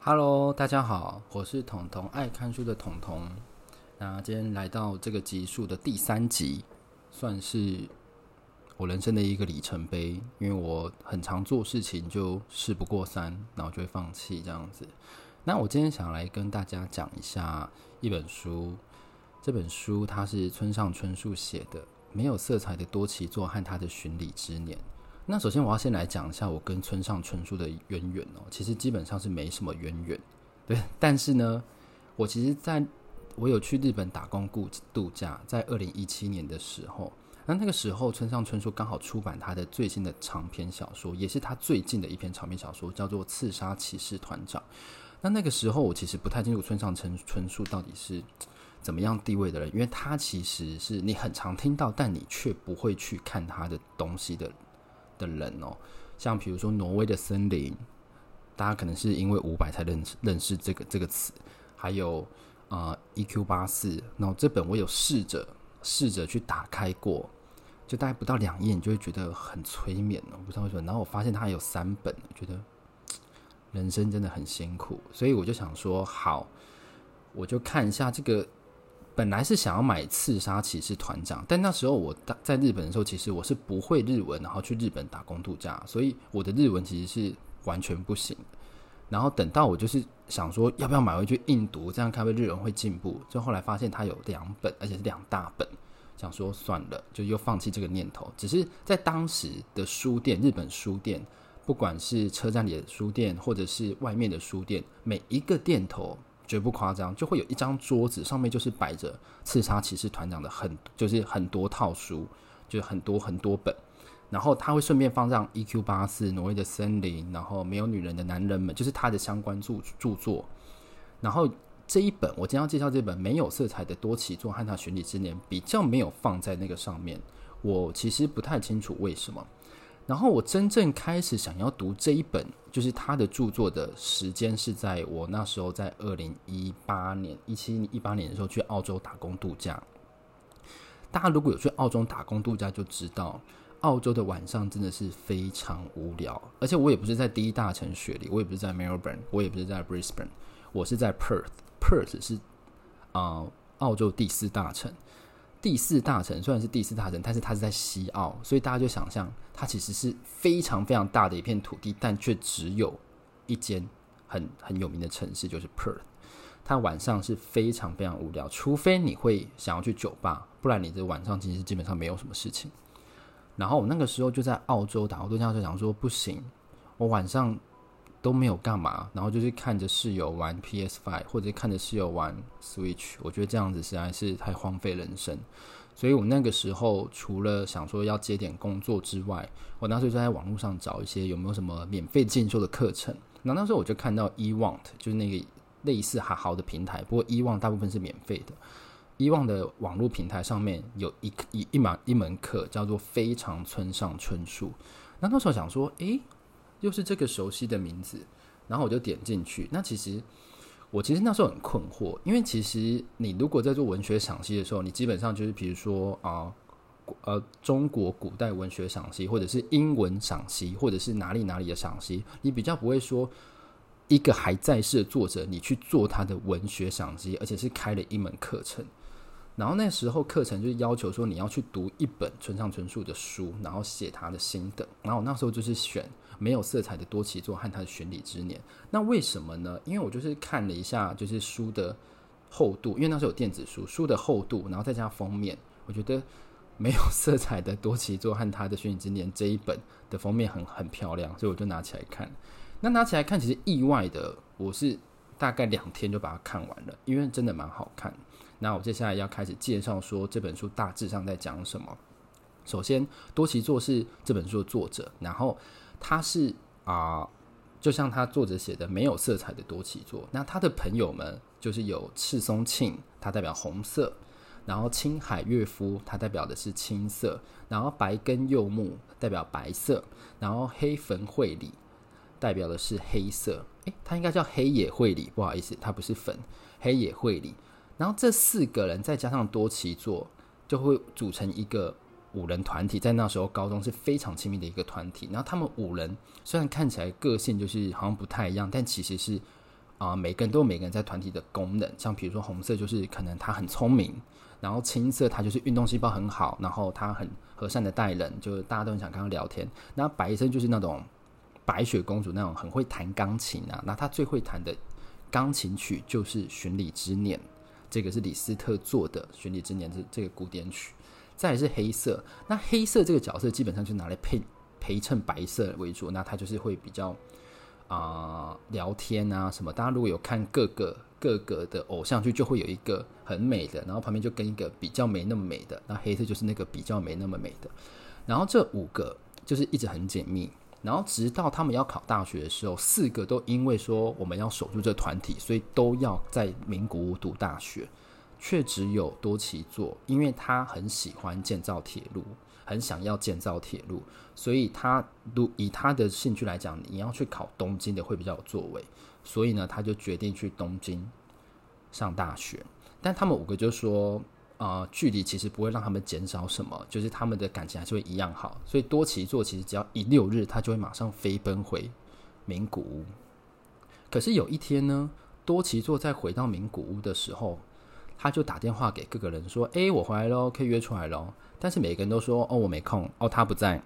Hello，大家好，我是彤彤，愛看書的彤彤。那今天來到這個集數的第三集，算是我人生的一個里程碑，因為我很常做事情就事不過三，然後就會放棄這樣子。那我今天想來跟大家講一下一本書，這本書它是村上春樹寫的《沒有色彩的多崎作和他的巡禮之年》。那首先，我要先來講一下我跟村上春樹的淵源哦。其實基本上是沒什麼淵源，對。但是呢，我其實在，在我有去日本打工、度假，在二零一七年的時候，那那個時候村上春樹剛好出版他的最新的長篇小說，也是他最近的一篇長篇小說，叫做《刺殺騎士團長》。那那個時候，我其實不太清楚村上春春樹到底是怎麼樣地位的人，因為他其實是你很常聽到，但你卻不會去看他的東西的人。的人哦、喔，像比如說挪威的森林，大家可能是因為伍佰才認識認識這個這個詞，還有啊 1Q84，呃、1Q84，然後這本我有試着試着去打開過，就大概不到兩頁，你就會覺得很催眠，喔，我不知道為什麼，然後我發現他有三本，我覺得人生真的很辛苦，所以我就想說，好，我就看一下這個。本來是想要買《刺殺騎士團長》，但那時候我在日本的時候，其實我是不會日文，然後去日本打工度假，所以我的日文其實是完全不行。然後等到我就是想說，要不要買回去硬讀，這樣看會日文會進步。就後來發現它有兩本，而且是兩大本，想說算了，就又放棄這個念頭。只是在當時的書店，日本書店，不管是車站裡的書店，或者是外面的書店，每一個店頭，絕不誇張，就會有一張桌子上面就是擺着《刺殺騎士團長》的很就是很多套書，就是很多很多本，然後他會順便放上《E. Q. 八四 1Q84》《挪威的森林》，然後《沒有女人的男人們》就是他的相關著著作，然後這一本我將要介紹今天要介紹這本沒有色彩的多奇作多崎作和他的巡禮之年比較沒有放在那個上面，我其實不太清楚為什麼。然後我真正開始想要讀這一本，就是他的著作的時間是在我那時候在二零一八年一七一八年的時候去澳洲打工度假。大家如果有去澳洲打工度假，就知道澳洲的晚上真的是非常無聊。而且我也不是在第一大城雪梨，我也不是在 Melbourne，我也不是在 Brisbane，我是在 Perth。Perth 是啊、呃，澳洲第四大城。第四大城雖然是第四大城，但是它是在西澳，所以大家就想象它其實是非常非常大的一片土地，但卻只有一間很很有名的城市，就是 Perth，它晚上是非常非常無聊，除非你會想要去酒吧，不然你這晚上其實基本上沒有什麼事情。然後我那個時候就在澳洲打好多象，就想說不行，我晚上，都沒有幹嘛，然後就是看着室友玩 PS5 或者看着室友玩 Switch，我覺得這樣子實在是太荒廢人生。所以我那個時候除了想說要接點工作之外，我那時候就在網絡上找一些有沒有什麼免費進修的課程。那那時候我就看到 E Want，就是那個類似哈好的平台，不過 E Want 大部分是免費的。E Want 的網絡平台上面有一一一,一門課叫做《非常村上春樹》。那那時候想說，哎、欸。又是這個熟悉的名字，然後我就點進去。那其實我其實那時候很困惑，因為其實你如果在做文學賞析的時候，你基本上就是比如說啊，呃，呃，中國古代文學賞析，或者是英文賞析，或者是哪裡哪裡的賞析，你比較不會說一個還在世的作者，你去做他的文學賞析，而且是開了一門課程。然後那時候課程就是要求說你要去讀一本村上春樹的書，然後寫他的心得。然後我那時候就是選沒有色彩的多崎作和他的巡禮之年。那為什麼呢？因為我就是看了一下就是書的厚度，因為那時候有電子書，書的厚度，然後再加封面，我覺得沒有色彩的多崎作和他的巡禮之年這一本的封面很很漂亮，所以我就拿起來看。那拿起來看，其實意外的我是大概兩天就把它看完了，因為真的蠻好看。那我接下來要開始介紹，說這本書大致上在講什麼。首先，多崎作是這本書的作者，然後他是啊、呃，就像他作者寫的，沒有色彩的多崎作。那他的朋友們就是有赤松慶，他代表紅色；然後青海岳夫，他代表的是青色；然後白根柚木代表白色；然後黑粉會里代表的是黑色。誒、欸，他應該叫黑野會里，不好意思，他不是粉，黑野會里。然後這四個人再加上多崎作，就會組成一個五人團體。在那時候高中是非常親密的一個團體。然後他們五人雖然看起來個性就是好像不太一樣，但其實是啊、呃，每個人都有每個人在團體的功能。像譬如說紅色，就是可能他很聰明；然後青色，他就是運動細胞很好，然後他很和善的待人，就是大家都很想跟他聊天。那白色就是那種白雪公主那種，很會彈鋼琴啊。那他最會彈的鋼琴曲就是《巡禮之年》。這個是李斯特做的《巡禮之年的》這這個古典曲，再來是黑色。那黑色這個角色基本上就拿來配陪，陪襯白色為主，那他就是會比較啊、呃、聊天啊什麼。大家如果有看各個各個的偶像劇，就會有一個很美的，然後旁邊就跟一個比較沒那麼美的，那黑色就是那個比較沒那麼美的。然後這五個就是一直很緊密。然後，直到他們要考大學的時候，四個都因為說我們要守住這團體，所以都要在名古屋讀大學，卻只有多崎作，因為他很喜歡建造鐵路，很想要建造鐵路，所以他以他的興趣來講，你要去考東京的會比較有作為，所以呢，他就決定去東京上大學。但他們五個就說，啊、呃，距離其實不會讓他們減少什麼，就是他們的感情還是會一樣好。所以多崎作其實只要一六日，他就會馬上飛奔回名古屋。可是有一天呢，多崎作再回到名古屋的時候，他就打電話給各個人說：“哎、欸，我回來了，可以約出來咯。”但是每個人都說：“哦，我沒空。”哦，他不在，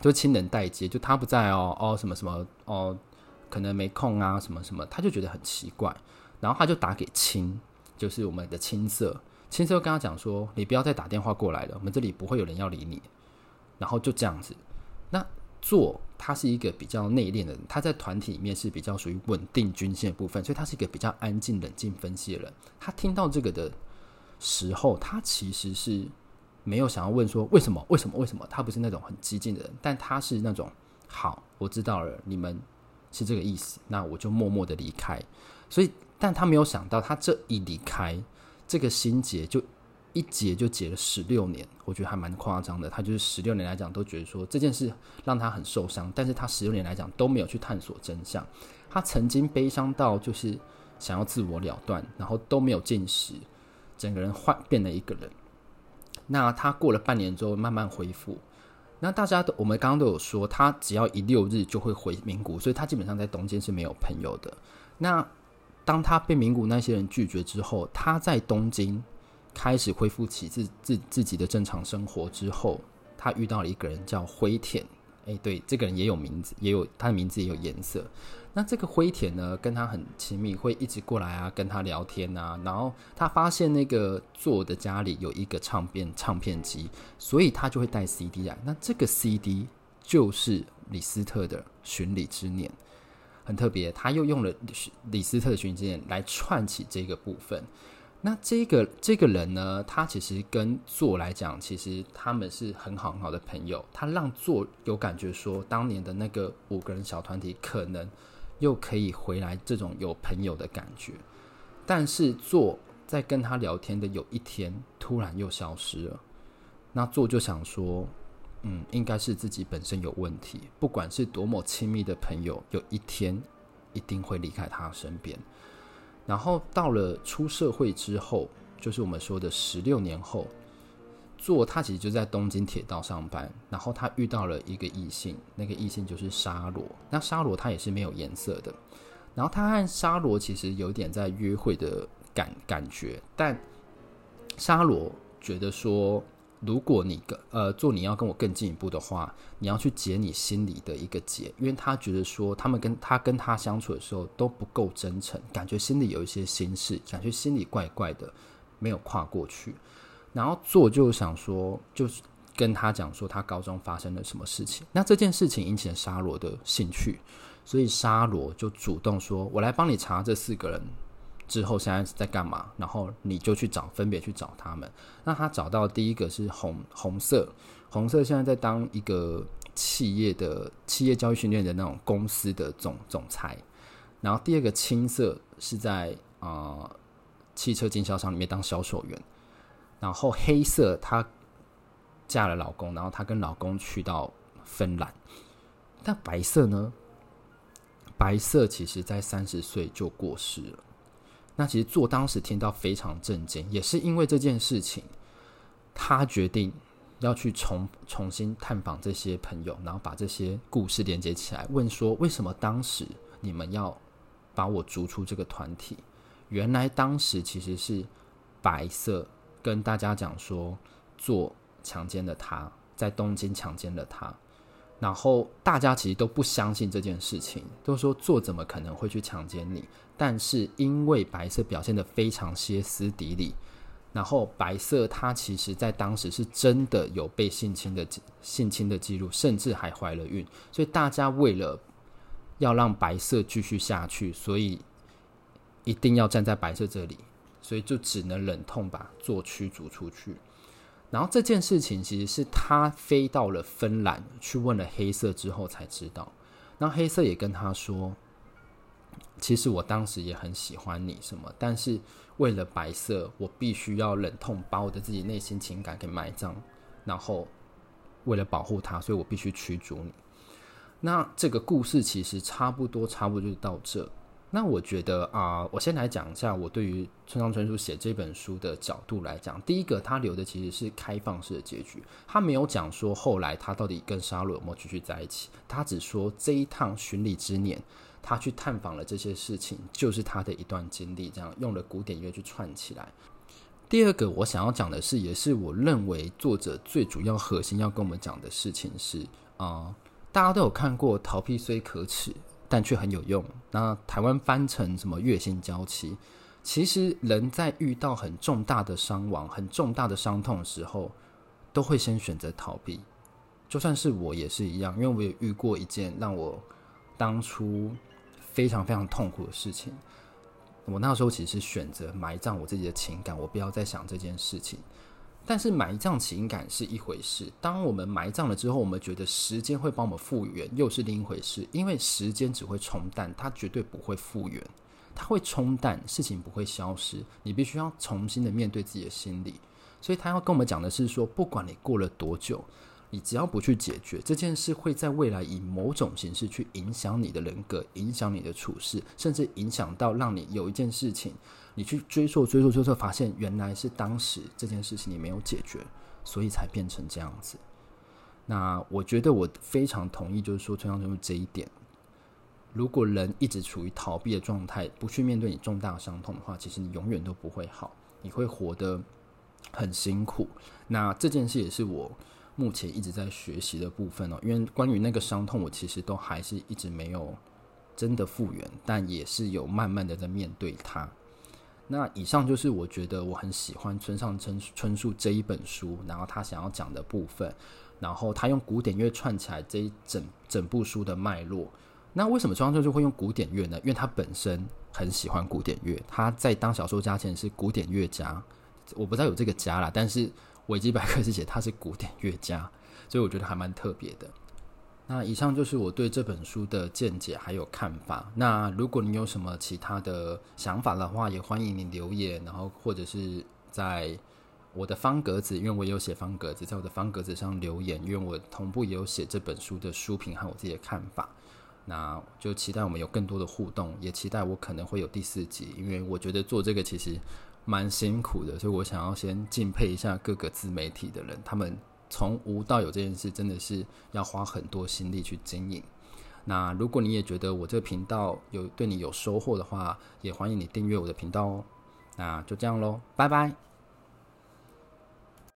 就親人代接，就他不在哦，哦，什麼什麼哦，可能沒空啊，什麼什麼，他就覺得很奇怪。然後他就打給青，就是我們的青色。先生跟他講說：“你不要再打電話過來了，我們這裡不會有人要理你。”然後就這樣子。那作他是一個比較內斂的人，他在團體裡面是比較屬於穩定均線的部分，所以他是一個比較安靜、冷靜分析的人。他聽到這個的時候，他其實是沒有想要問說為什麼、為什麼、為什麼。他不是那種很激進的人，但他是那種好，我知道了，你們是這個意思，那我就默默的離開。所以，但他沒有想到，他這一離開。這個心結就一結，就結了十六年，我覺得還蠻誇張的。他就是十六年來講，都覺得說這件事讓他很受傷，但是他十六年來講都沒有去探索真相。他曾經悲傷到就是想要自我了斷，然後都沒有進食，整個人換變了一個人。那他過了半年之後慢慢恢復。那大家都我們剛剛都有說，他只要一六日就會回名古屋，所以他基本上在東京是沒有朋友的。那。當他被名古屋那些人拒絕之後，他在東京開始恢復起自自自己的正常生活之後，他遇到了一個人叫灰田，哎、欸，對，這個人也有名字，也有他的名字也有顏色。那這個灰田呢，跟他很親密，會一直過來啊，跟他聊天啊。然後他發現那個作的家裡有一個唱片唱片機，所以他就會帶 CD 來。那這個 CD 就是李斯特的《巡禮之年》。很特別，他又用了李斯特的巡禮之年來串起這個部分。那這個這個人呢，他其實跟作來講，其實他們是很好很好的朋友。他讓作有感覺說，當年的那個五個人小團體，可能又可以回來這種有朋友的感覺。但是作在跟他聊天的有一天，突然又消失了。那作就想說。嗯，應該是自己本身有問題。不管是多麼親密的朋友，有一天一定會離開他身邊。然後到了出社會之後，就是我們說的十六年後，作他其實就在東京鐵道上班。然後他遇到了一個異性，那個異性就是沙羅。那沙羅他也是沒有顏色的。然後他和沙羅其實有點在約會的感感覺，但沙羅覺得說。如果你跟呃作你要跟我更進一步的話，你要去解你心裡的一個結，因為他覺得說他們跟他跟他相處的時候都不夠真誠，感覺心裡有一些心事，感覺心裡怪怪的，沒有跨過去。然後作就想說，就跟他講說他高中發生了什麼事情，那這件事情引起了沙羅的興趣，所以沙羅就主動說：“我來幫你查這四個人。”之後現在在幹嘛？然後你就去找，分別去找他們。那他找到第一個是紅紅色，紅色現在在當一個企業的企業教育訓練的那種公司的總總裁。然後第二個青色是在呃汽車經銷商裡面當銷售員。然後黑色她嫁了老公，然後她跟老公去到芬蘭。但白色呢？白色其實在三十歲就過世了。那其實作當時聽到非常震驚，也是因為這件事情，他決定要去重重新探訪這些朋友，然後把這些故事連接起來，問說為什麼當時你們要把我逐出這個團體？原來當時其實是白色跟大家講說，作強姦了他，在東京強姦了他。然後大家其實都不相信這件事情，都說，作怎麼可能會去強姦你？但是因為白色表現得非常歇斯底里，然後白色他其實在當時是真的有被性侵的性侵的記錄，甚至還懷了孕，所以大家為了要讓白色繼續下去，所以一定要站在白色這裡，所以就只能忍痛把作驅逐出去。然後這件事情其實是他飛到了芬蘭去問了黑色之後才知道，那黑色也跟他說，其實我當時也很喜歡你什麼，但是為了白色，我必須要忍痛把我的自己內心情感給埋葬，然後為了保護他，所以我必須驅逐你。那這個故事其實差不多，差不多就到這。那我覺得啊、呃，我先來講一下我對於村上春樹寫這本書的角度來講，第一個他留的其實是開放式的結局，他沒有講說後來他到底跟沙羅有沒有繼續在一起，他只說這一趟巡禮之年，他去探訪了這些事情，就是他的一段經歷，這樣用了古典樂去串起來。第二個我想要講的是，也是我認為作者最主要核心要跟我們講的事情是啊、呃，大家都有看過，逃避雖可恥。但卻很有用。那台灣翻成什麼月薪嬌妻？其實人在遇到很重大的傷亡、很重大的傷痛的時候，都會先選擇逃避。就算是我也是一樣，因為我也遇過一件讓我當初非常非常痛苦的事情。我那時候其實是選擇埋葬我自己的情感，我不要再想這件事情。但是埋葬情感是一回事，當我們埋葬了之後，我們覺得時間會幫我們復原，又是另一回事。因為時間只會沖淡，它絕對不會復原，它會沖淡，事情不會消失。你必須要重新的面對自己的心理。所以他要跟我們講的是說，不管你過了多久。你只要不去解決這件事，會在未來以某種形式去影響你的人格，影響你的處事，甚至影響到讓你有一件事情，你去追溯、追溯、追溯，追溯發現原來是當時這件事情你沒有解決，所以才變成這樣子。那我覺得我非常同意，就是說陳陽忠這一點，如果人一直處於逃避的狀態，不去面對你重大的傷痛的話，其實你永遠都不會好，你會活得很辛苦。那這件事也是我。目前一直在學習的部分哦，因為關於那個傷痛，我其實都還是一直沒有真的復原，但也是有慢慢的在面對它。那以上就是我覺得我很喜歡村上春樹這一本書，然後他想要講的部分，然後他用古典樂串起來這一整整部書的脈絡。那為什麼村上春樹就，就會用古典樂呢？因為他本身很喜歡古典樂，他在當小說家前是古典樂家，我不知道有這個家啦，但是。維基百科是寫他是古典樂家，所以我覺得還蠻特別的。那以上就是我對這本書的見解還有看法。那如果你有什麼其他的想法的話，也歡迎你留言，然後或者是在我的方格子，因為我也有寫方格子，在我的方格子上留言，因為我同步也有寫這本書的書評和我自己的看法。那就期待我們有更多的互動，也期待我可能會有第四集，因為我覺得做這個其實。蠻辛苦的，所以我想要先敬佩一下各個自媒體的人，他們從無到有這件事真的是要花很多心力去經營。那如果你也覺得我這個頻道有對你有收穫的話，也歡迎你訂閱我的頻道哦。那就這樣嘍，拜拜。